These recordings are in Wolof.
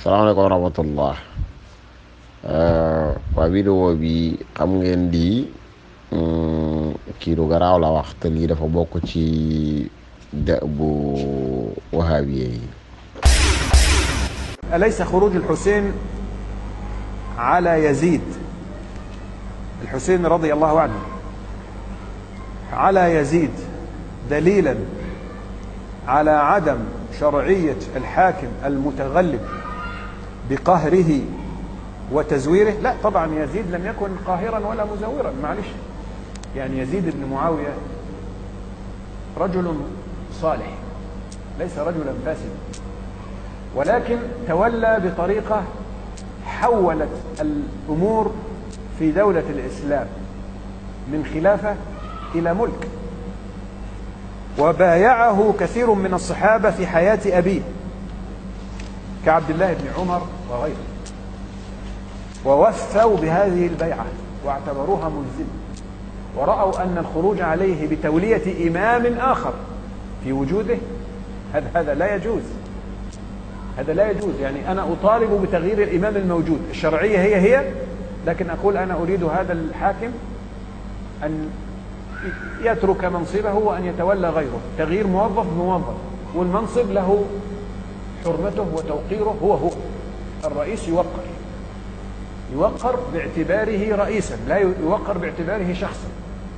السلام عليكم ورحمة الله وابيدو وابي قم غين دي كيرو غراو لا وقت لي دفا بوكو تي دأبو وهابيي أليس خروج الحسين على يزيد الحسين رضي الله عنه على يزيد دليلا على عدم شرعية الحاكم المتغلب بقهره وتزويره لا طبعا يزيد لم يكن قاهرا ولا مزورا معلش يعني يزيد بن معاوية رجل صالح ليس رجلا فاسدا ولكن تولى بطريقة حولت الأمور في دولة الإسلام من خلافة إلى ملك وبايعه كثير من الصحابة في حياة أبيه كعبد الله بن عمر وغيره ووفوا بهذه البيعة واعتبروها ملزمة ورأوا أن الخروج عليه بتولية إمام آخر في وجوده هذا هذا لا يجوز هذا لا يجوز يعني أنا أطالب بتغيير الإمام الموجود الشرعية هي هي لكن أقول أنا أريد هذا الحاكم أن يترك منصبه وأن يتولى غيره تغيير موظف بموظف والمنصب له حرمته وتوقيره هو هو الرئيس يوقر يوقر باعتباره رئيسا لا يوقر باعتباره شخصا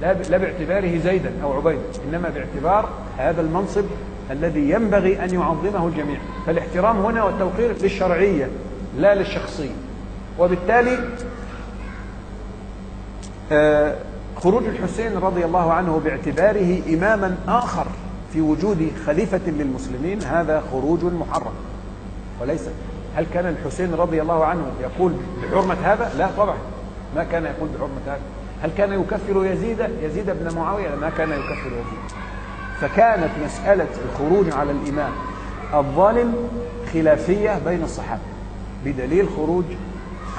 لا لا باعتباره زيدا او عبيدا انما باعتبار هذا المنصب الذي ينبغي ان يعظمه الجميع فالاحترام هنا والتوقير للشرعيه لا للشخصيه وبالتالي آه، خروج الحسين رضي الله عنه باعتباره اماما اخر في وجود خليفة للمسلمين هذا خروج محرم وليس هل كان الحسين رضي الله عنه يقول بحرمة هذا؟ لا طبعا ما كان يقول بحرمة هذا هل كان يكفر يزيد يزيد بن معاوية ما كان يكفر يزيد فكانت مسألة الخروج على الإمام الظالم خلافية بين الصحابة بدليل خروج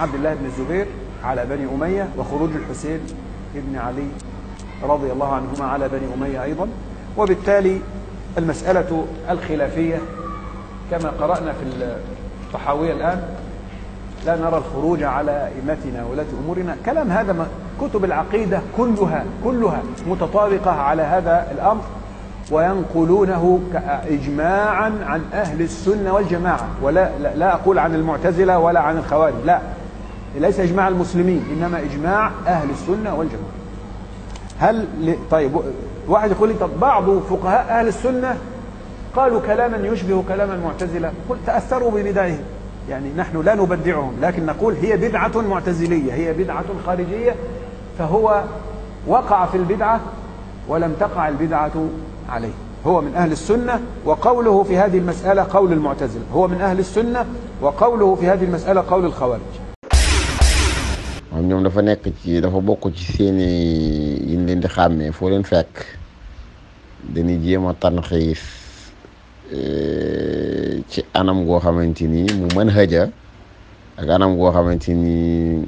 عبد الله بن الزبير على بني أمية وخروج الحسين بن علي رضي الله عنهما على بني أمية أيضا وبالتالي المسألة الخلافية كما قرأنا في الطحاوية الآن لا نرى الخروج على أئمتنا ولاة أمورنا كلام هذا ما كتب العقيدة كلها كلها متطابقة على هذا الأمر وينقلونه إجماعا عن أهل السنة والجماعة ولا لا, لا أقول عن المعتزلة ولا عن الخوارج لا ليس إجماع المسلمين إنما إجماع أهل السنة والجماعة هل طيب واحد يقول لي طب بعض فقهاء أهل السنة قالوا كلاما يشبه كلام المعتزلة قل تأثروا ببدعهم يعني نحن لا نبدعهم لكن نقول هي بدعة معتزلية هي بدعة خارجية فهو وقع في البدعة ولم تقع البدعة عليه هو من أهل السنة وقوله في هذه المسألة قول المعتزلة هو من أهل السنة وقوله في هذه المسألة قول الخوارج ñoom dafa nekk ci dafa bokk ci seeni yi ñu leen di xàmmee foo leen fekk dañuy jéem a tanxiis eh, ci anam goo xamante ni mu mën ak anam goo xamante ni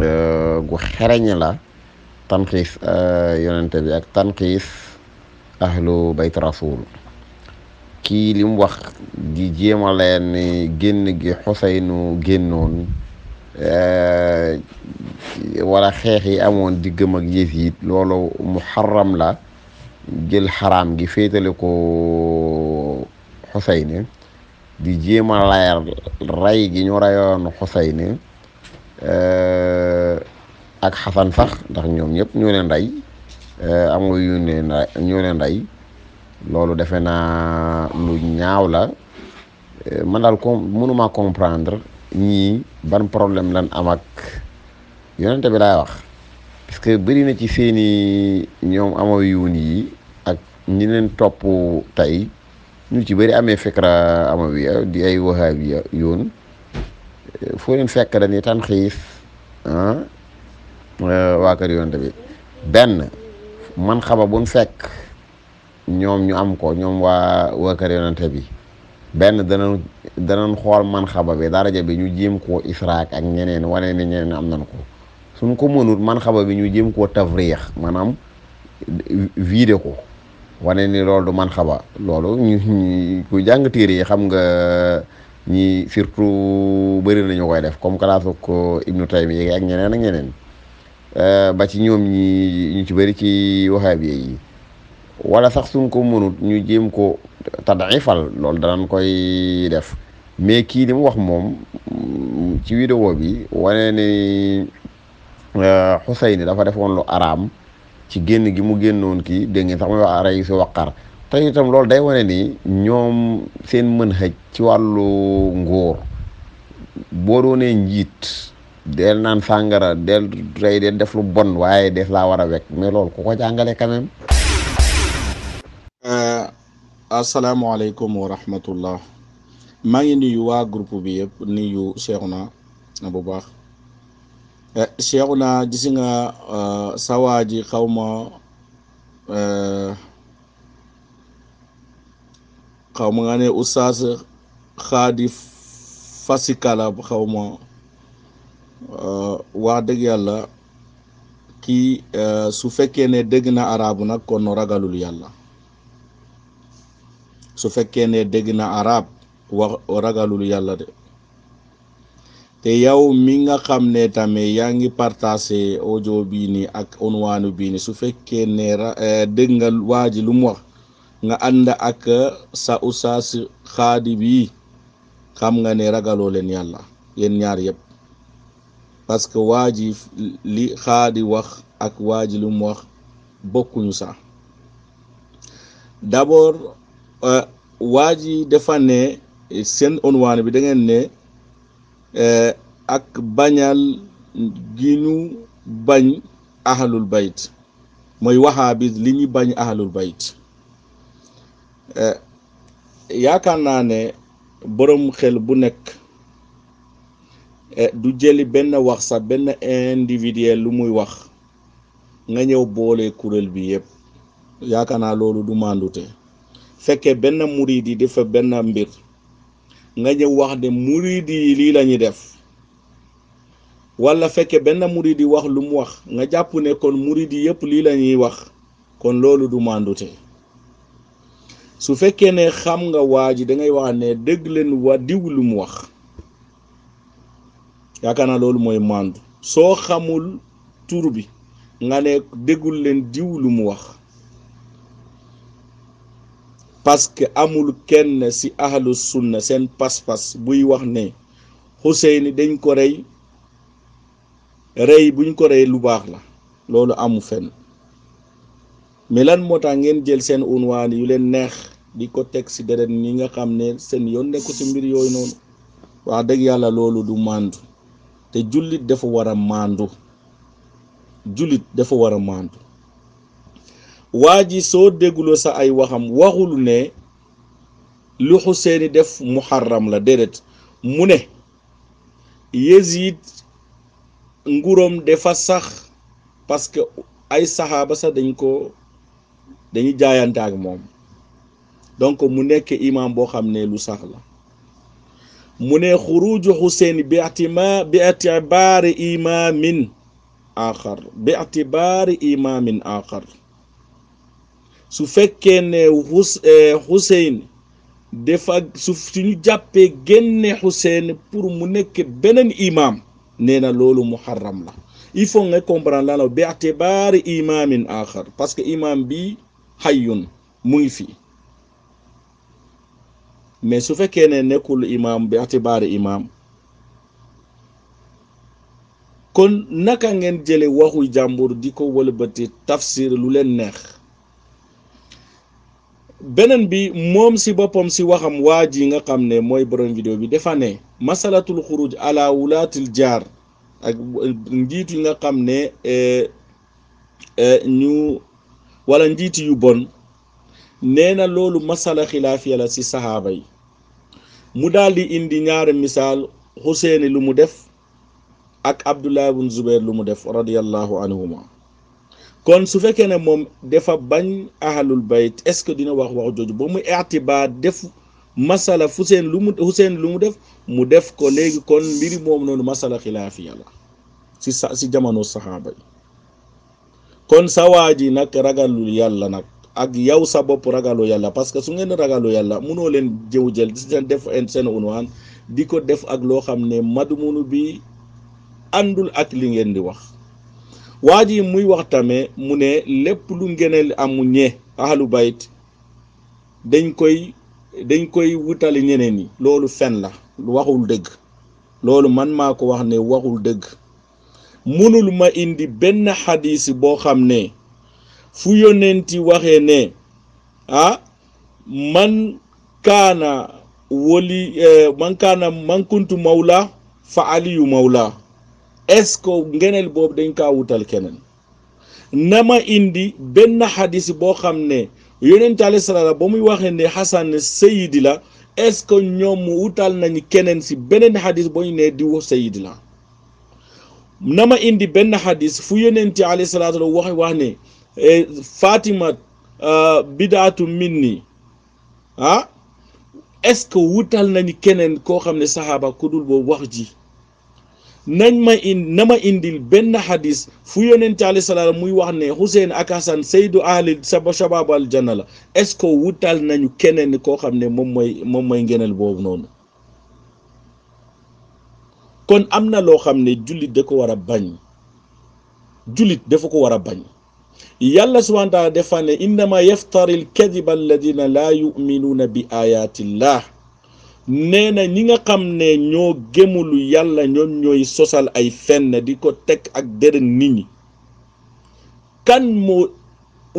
eh, gu xereñ la tanxiis eh, yonente bi ak tanxiis ahlu bayt rasul kii li wax di jéem a leen ni génn gi xuseynu génnoon wala xeex yi amoon diggëm ak yésiit loolu muharram la jël xaraam gi féetale ko xusayni di jéem a layal rey gi ñu reyoon xusayni euh, ak xasan sax ndax ñoom ñëpp ñoo leen rey euh, am nga yu ne ñoo leen rey loolu defe naa lu ñaaw la euh, man daal ko mënuma comprendre ñii ban problème lan am ak yonente bi laay wax parce que bëri na ci seeni ñoom ama yuun yi ñi leen topp tey ñu ci bëri amee fikra amawiya di ay wahabiya yoon foo leen fekk dañuy tan xiif ah eh, waa kër yoon tamit benn man xaba buñ fekk ñoom ñu am ko ñoom waa waa kër yonante bi benn danañ danañ xool man xaba bi daraja bi ñu jéem koo israak ak ñeneen wane ne ñeneen am nañ ko suñ ko mënut man xaba bi ñu jéem koo tafriix maanaam vide ko wane ni loolu man xaba loolu ñu ku jàng téere yi xam nga ñi surtout bëri nañu koy def comme kalaasu ko ibnu taymiya ak ñeneen ak ñeneen euh, ba ci ñoom ñi ñu ci bëri ci wahabiya yi wala sax suñ ko mënut ñu jéem ko tadaifal loolu danañ koy def mais kii li wax moom ci vidéo bi wane ni Xuseyni euh, dafa defoon lu araam ci génn gi mu génnoon kii dégg ngeen sax may wax aray si waqar te itam loolu day wane ni ñoom seen mën xëj ci wàllu nguur boo doonee njiit del naan sàngara del rey del def lu bon waaye des laa war a wekk mais loolu ku ko jàngale quand même euh, asalaamaaleykum wa rahmatullah maa ngi yu waa groupe bi yëpp nuyu Cheikhouna na bu baax Eh, cheikhu naa gisi nga eh, sawaa ji xaw ma eh, xaw ma nga ne oustaz xaadi fasikala xaw ma wax dëgg yàlla kii su fekkee ne dégg na arabu nag kon ragalul yàlla su fekkee ne dégg na arab wax ragalul yàlla de te yow mi nga xam ne tamit yaa ngi partagé ojo bii nii ak unwaanu bi nii su fekkee ne eh, dégg nga waa lu mu wax nga ànd ak sa usaas xaadi bii xam nga ne ragaloo leen yàlla yéen ñaar yëpp parce que waa li xaadi wax ak waa lu mu wax bokkuñu sax d'abord euh, waa ji dafa ne seen unwaan bi dangeen ngeen ne Eh, ak bañal gi ñu bañ ahlul bayt mooy waxaabi li ñu bañ ahlul bayt eh, yaakaar naa ne boroom xel bu nekk eh, du jëli benn wax sax benn individuel lu muy wax nga ñëw boole kuréel bi yëpp yaakaar naa loolu du màndute fekkee benn murid yi dafa benn mbir nga ñëw wax ne muridi yi lii lañuy ñuy def wala fekke benn muridi wax lu mu wax nga jàpp ne kon muridi yëpp lii la ñuy wax kon loolu du màndute su fekkee ne xam nga waa ji dangay wax ne dëgg leen wa diw lu mu wax yaakaar naa loolu mooy màndu soo xamul tur bi nga ne déggul leen diw lu mu wax parce que amul kenn ci ahlu sunna seen pas-pas buy wax ne Xuseyni dañ ko rey rey buñ ko rey lu baax la loolu amu fenn mais lan moo tax ngeen jël seen unwaan yu leen neex di ko teg ci deret ñi nga xam ne seen yoon nekku ci mbir yooyu noonu wax dëgg yàlla loolu du màndu te jullit dafa war a màndu jullit dafa war a màndu waa ji soo dégguloo sax ay waxam waxul ne lu xuseeni def muharram la déedéet mu ne Yezid nguuram defa sax parce que ay saxaaba sax dañ ko dañu jaayante ak moom donc mu nekk imam boo xam ne lu sax la mu ne xuruju xuseeni bi atima bi atibaari su fekkee ne xus eh, suñu jàppee génne Hussein pour mu nekk beneen imaam nee na loolu muharram la il faut nga comprendre la la que imaam bi xayyun mu fi mais su fekkee ne nekkul imaam bi atibaari imaam kon naka ngeen jële waxu jàmbur di ko wëlbati tafsir lu leen neex beneen bi moom si boppam si waxam waa ji nga xam ne mooy borom vidéo bi dafa ne masalatul xuruj ala wulaatil jaar ak njiit yi nga xam ne eh, eh, ñu wala njiiti yu bon nee na loolu masala xilaafiya la ci saxaaba yi mu daal di indi ñaari misaal xuseeni lu mu def ak abdullah bun zubair lu mu def radiyallahu anhuma kon su fekkee ne moom dafa bañ ahalul bay est-ce que dina wax wax jooju ba mu itibaar def masala Hussein lu mu Hussein lu mu def mu def ko léegi kon mbiri moom noonu masala xilaafiya la si sa si jamono saxaaba yi kon sa waa ji nag ragalul yàlla nag ak yow sa bopp ragalu yàlla parce que su ngeen ragalu yàlla munoo leen jëw jël di seen def seen unwaan di ko def ak loo xam ne madmunu bi àndul ak li ngeen di wax waa ji muy wax tamit mu ne lépp lu ngëneel amu ñee ahlu bayt dañ koy dañ koy wutali ñeneen yi loolu fen la waxul dëgg loolu man maa ko wax ne waxul dëgg mënul ma indi benn xadis boo xam ne fu yonenti waxee ne ah man kaana wali eh, man kaana man kuntu mawla fa aliyu mawla est-ce que ngeneel boobu dañ kaa wutal keneen na ma indi benn xadis boo xam ne yonent alayhi salaam ba muy waxee ne xasan sayidi la est-ce que ñoom wutal nañ keneen si beneen xadis boo ñu ne diw sayidi la na ma indi benn xadis fu yonent alayhi salaatu la wax wax ne eh, Fatima euh, bidaatu minni ah est-ce que wutal nañ keneen koo xam ne saxaaba ku dul boobu wax ji. na ma indil benn xadis fu yonent alayhi salaam muy wax ne Hussein ak Hassan saydu ahli saba shabaab aljanna la est wutal nañu keneen koo xam ne moom mooy moom boobu noonu kon am na loo xam ne jullit da ko war a bañ jullit dafa ko war a bañ yàlla subhaana taala dafa ne innama yaftari alkadiba alladina laa yuminuuna bi ayatillah nee na ñi nga xam ne ñoo gémulu yàlla ñoom ñooy sosal ay fenn di ko teg ak deret nit ñi kan moo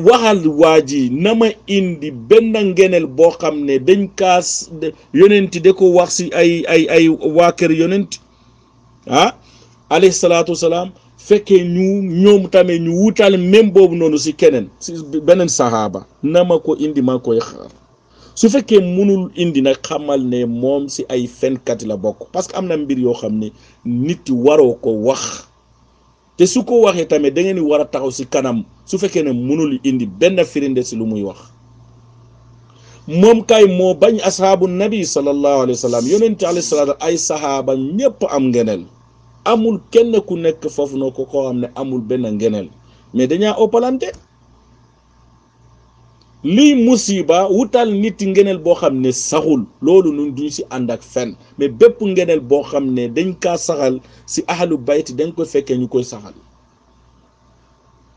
waxal waa ji na ma indi benn ngeneel boo xam ne dañ kaas yonent da ko wax si ay ay ay waa kër yonent ah alayhi salaatu wasalaam fekkee ñu ñoom tamit ñu wutal même boobu noonu ci keneen si beneen saxaaba na ma ko indi maa koy xaar su fekkee mënul indi nag xamal ne moom si ay fenkat la bokk parce que am na mbir yoo xam ne nit yi waroo ko wax te su ko waxee tamit da ngeen di war a taxaw si kanam su fekkee ne munul indi benn firinde si lu muy wax moom kay moo bañ asxaabu nabi sallallahu alayhi wa sallam yonente alayhi salaatu ay saxaaba ñépp am ngeneel amul kenn ku nekk foofu noo ko koo xam ne amul benn ngeneel mais dañaa oppalante liy musiba wutal nit ngeneel boo xam ne saxul loolu nun duñ ci ànd ak fenn mais bépp ngeneel boo xam ne dañ kaa saxal si ahalu bayti dañ koy fekkee ñu koy saxal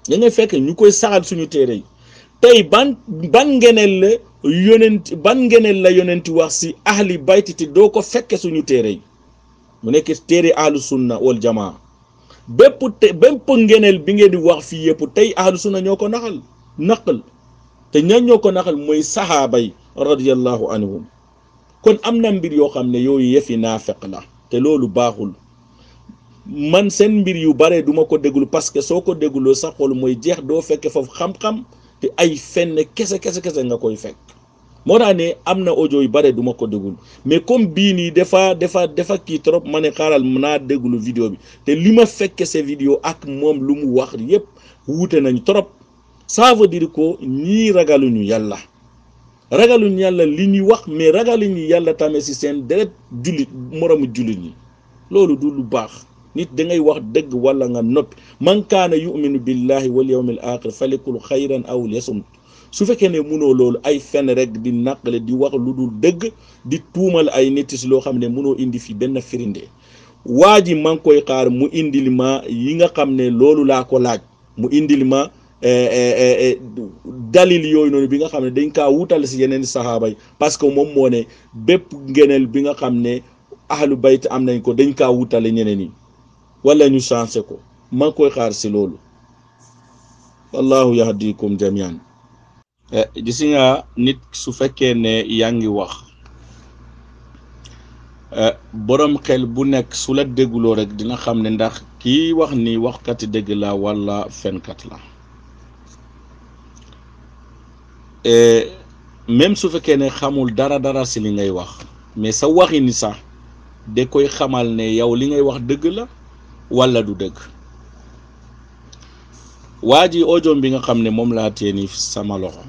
da ngay fekkee ñu koy saxal suñu téere yi tey ban ban ngeneel la ban ngeneel la yonenti wax si ahli bayti te doo ko fekkee suñu téere yi mu nekk téere ahlu sunna wal jamaa bépp te bépp ngeneel bi ngeen di wax fii yëpp tey ahlu sunna ñoo ko naxal naqal te ñan ñoko naxal moy sahaba yi radiyallahu anhum kon amna mbir yo xamne yoy yëfi nafiq la te lolu baxul man sen mbir yu bare duma ko déglu parce que soko deglu sa xol moy jeex do fekke foofu xam-xam te ay fenn kesse kesse kesse nga koy fek modane amna ne am yu bare duma ko déglu mais comme bi ni defa defa defa ki trop mané xaral mëna déglu vidéo bi te lima fekke ces vidéo ak mom lu mu wax yépp wouté nañ trop ça ko dire que ñii ragaluñu yàlla ragaluñu yàlla li ñuy wax mais ragaluñu yàlla tamit si seen deret jullit moromu jullit yi loolu du lu baax nit dangay wax dëgg wala nga noppi man kaana yuminu billahi wal yawmil axir falikul xayran aw lesum su fekkee ne mënoo loolu ay fenn rek di naqale di wax lu dul dëgg di tuumal ay nit loo xam ne mënoo indi fi benn firinde waa ji maa koy xaar mu indil ma yi nga xam ne loolu laa ko laaj mu indil ma Eh, eh, eh, dalil yooyu noonu bi nga xam ne dañ kaa wutal si yeneen saxaaba yi parce que moom moo ne bépp ngeneel bi nga xam ne ahlu bayt am nañ ko dañ kaa wutale ñeneen yi wala ñu changé ko maa koy xaar si loolu wallahu yahdikum jamian gis nga nit su fekkee ne yaa ngi wax boroom xel bu nekk su la dégguloo rek dina xam ne ndax kii wax ni waxkati dégg la wala fenkat la Eh, même su fekkee ne xamul dara dara si li ngay wax mais sa waxini sax da koy xamal ne yow li ngay wax dëgg la walla du dëgg waa ji ojoom bi nga xam ne moom laa tee ni sama loxo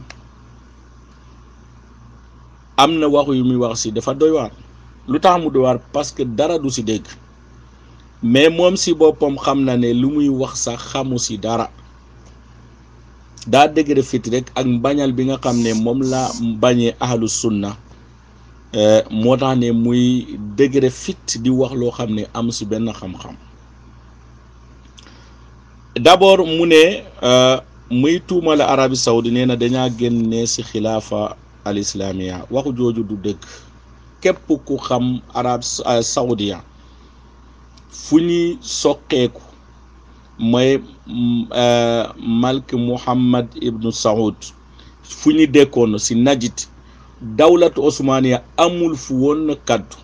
am na wax yu muy wax si dafa doy waar lu tax mu doy waar parce que dara du si dégg mais moom si boppam xam na ne lu muy wax sax xamu si dara daa dëgëre fit rek ak mbañal bi nga xam ne moom la bañee ahlu sunna eh, moo tax ne muy dëgëre fit di wax loo xam ne am si benn xam-xam d'abord mu ne eh, muy tuumale arabi saudi nee na dañaa génne si xilaafa al waxu jooju du dëkk képp ku xam arab eh, saudia fu ñuy soqeeku mooy euh, Malik Muhammad ibnu Saoud fu ñu dekkoon ci Najd dawlatu osmania amul fu woon kàddu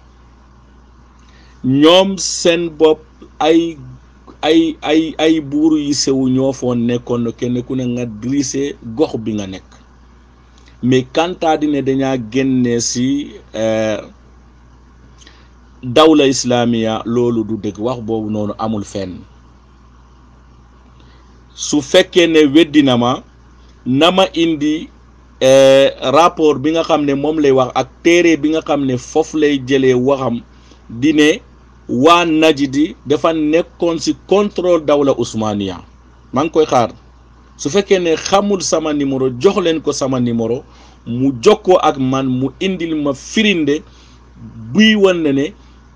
ñoom seen bopp ay ay ay ay buur yi sew ñoo foon nekkoon kenn ku ne nga glissé gox bi nga nekk mais kantaa di dañaa génne si euh, dawla islaamiya loolu du dëgg wax boobu noonu amul fenn su fekkee ne weddi na ma na ma indi eh, rapport bi nga xam ne moom lay wax ak téere bi nga xam ne foofu lay jëlee waxam dine ne waa Najdi dafa nekkoon ci contrôle dawla Ousmania maa ngi koy xaar su fekkee ne xamul sama numéro jox leen ko sama numéro mu jokkoo ak man mu indil ma firinde buy wan ne ne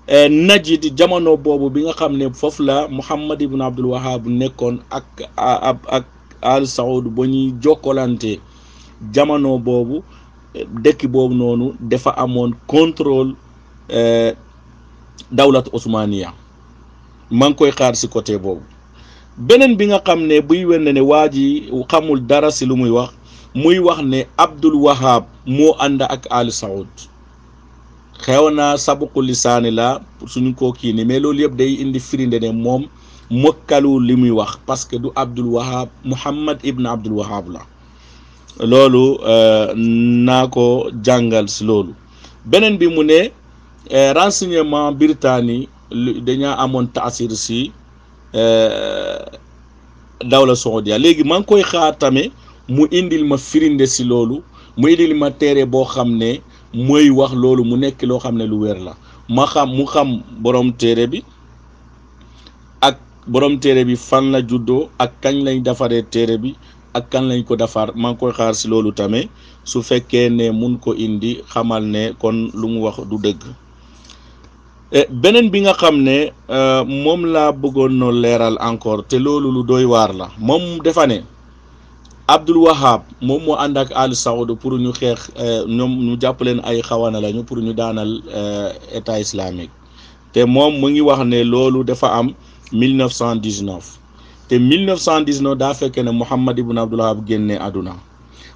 Eh, najd jamono boobu bi nga xam ne foofu la Muhammad ibn Abdul bu nekkoon ak ab ak al Saoud ba ñuy jokkalante jamono boobu dëkk boobu noonu dafa amoon contrôle eh, dawlat Osmania maa ngi koy xaar si côté boobu beneen bi nga xam ne buy wenn ne waa ji xamul dara si lu muy wax muy wax ne Abdul Wahab moo ànd ak al Saoud. xewoon naa sabuqu lisaani la suñu ko kii ni mais loolu yëpp day indi firinde ne moom mokkalu li muy wax parce que du Abdul Wahab Muhammad ibn Abdul Wahab la loolu euh, naa ko jàngal si loolu beneen bi mu ne euh, renseignement Biritaani dañaa amoon taasir si euh, dawla Saudiya léegi maa ngi koy xaar tamit mu indil ma firinde si loolu mu indil ma téere boo xam ne. mooy wax loolu mu nekk loo xam ne lu weer la ma xam mu xam borom téere bi ak borom téere bi fan la juddoo ak kañ lañ defaree téere bi ak kañ lañ ko defar maa ngi koy xaar si loolu tamit su fekkee ne mun ko indi xamal ne kon lu mu wax du dëgg e, beneen bi nga xam ne euh, moom laa bëggoon noo leeral encore te loolu lu doy waar la moom defa ne Abdul Wahab moom moo ànd ak Al Saoud pour ñu xeex euh, ñoom ñu jàpp leen ay xawana lañu pour ñu daanal euh, état islamique te moom mu ngi wax ne loolu dafa am 1919 te 1919 daa fekkee ne Mouhamed Ibn Abdul Wahab génne àdduna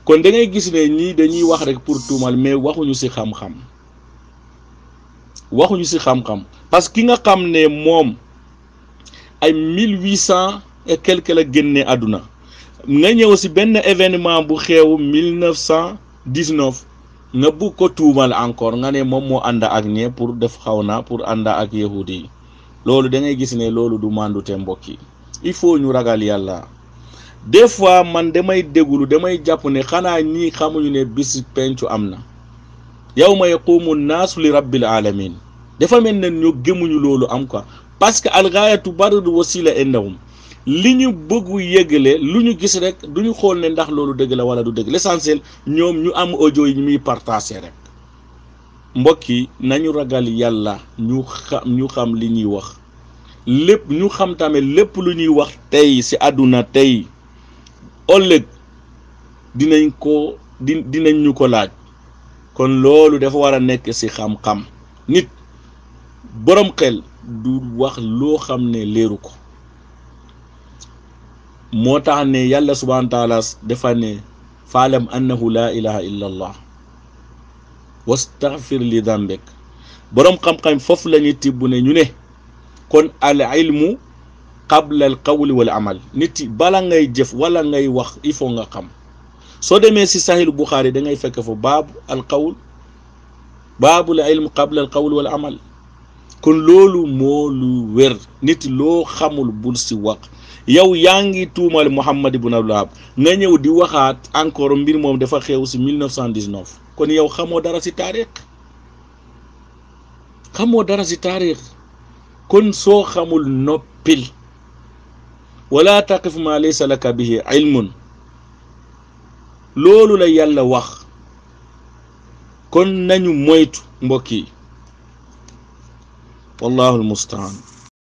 kon da ngay gis ne ñii dañuy wax rek pour tuumal mais waxuñu ci xam-xam waxuñu ci xam parce que ki nga xam ne moom ay 1800 et quelque la génne àdduna. nga ñëw si benn événement bu xew 1919 nga bugg ko tuumal encore nga ne moom moo ànd ak ñe pour def xaw na pour ànd ak yahudi yi loolu da ngay gis ne loolu du màndute mbokk yi il faut ñu ragal yàlla des fois man damay déglu damay jàpp ne xanaa ñii xamuñu ne bis pencu am na yawma yaqumu naasu li rabbil alamin dafa mel ne ñu gëmuñu loolu am ko parce que algaayatu baradu wasila indahum li ñu bëggu yëgalee lu ñu gis rek du ñu xool ne ndax loolu dëgg la wala du dëgg l'essentiel ñoom ñu am ojo yi ñu muy partagé rek mbokk yi nañu ragal yàlla ñu xam ñu xam li ñuy wax lépp ñu xam tamit lépp lu ñuy wax tey ci àdduna tey ëllëg dinañ ko di dinañ ñu ko laaj kon loolu dafa war a nekk ci xam-xam nit boroom xel du wax loo xam ne leeru ko moo tax ne yàlla subhaanahu taala dafa ne faalam annahu laa ilaha illa allah wastaghfir li dambek boroom xam-xam foofu la ñuy tibb ne ñu ne kon al ilmu qabla al qawli wal amal nit yi bala ngay jëf wala ngay wax il faut nga xam soo demee si sahil buxaari da ngay fekk fa baabu al qawl baabu al ilmu qabla al qawli wal amal kon loolu moo lu wér nit loo xamul bul si wax yow yaa ngi tuumal Muhammad ibn Abdul Wahab nga ñëw di waxaat encore mbir moom dafa xew si 1919 kon yow xamoo dara si taarix xamoo dara si taarix kon soo xamul noppil wala taqif ma laysa laka bihi ilmun loolu la yàlla wax kon nañu moytu mbokk yi wallahu almustaan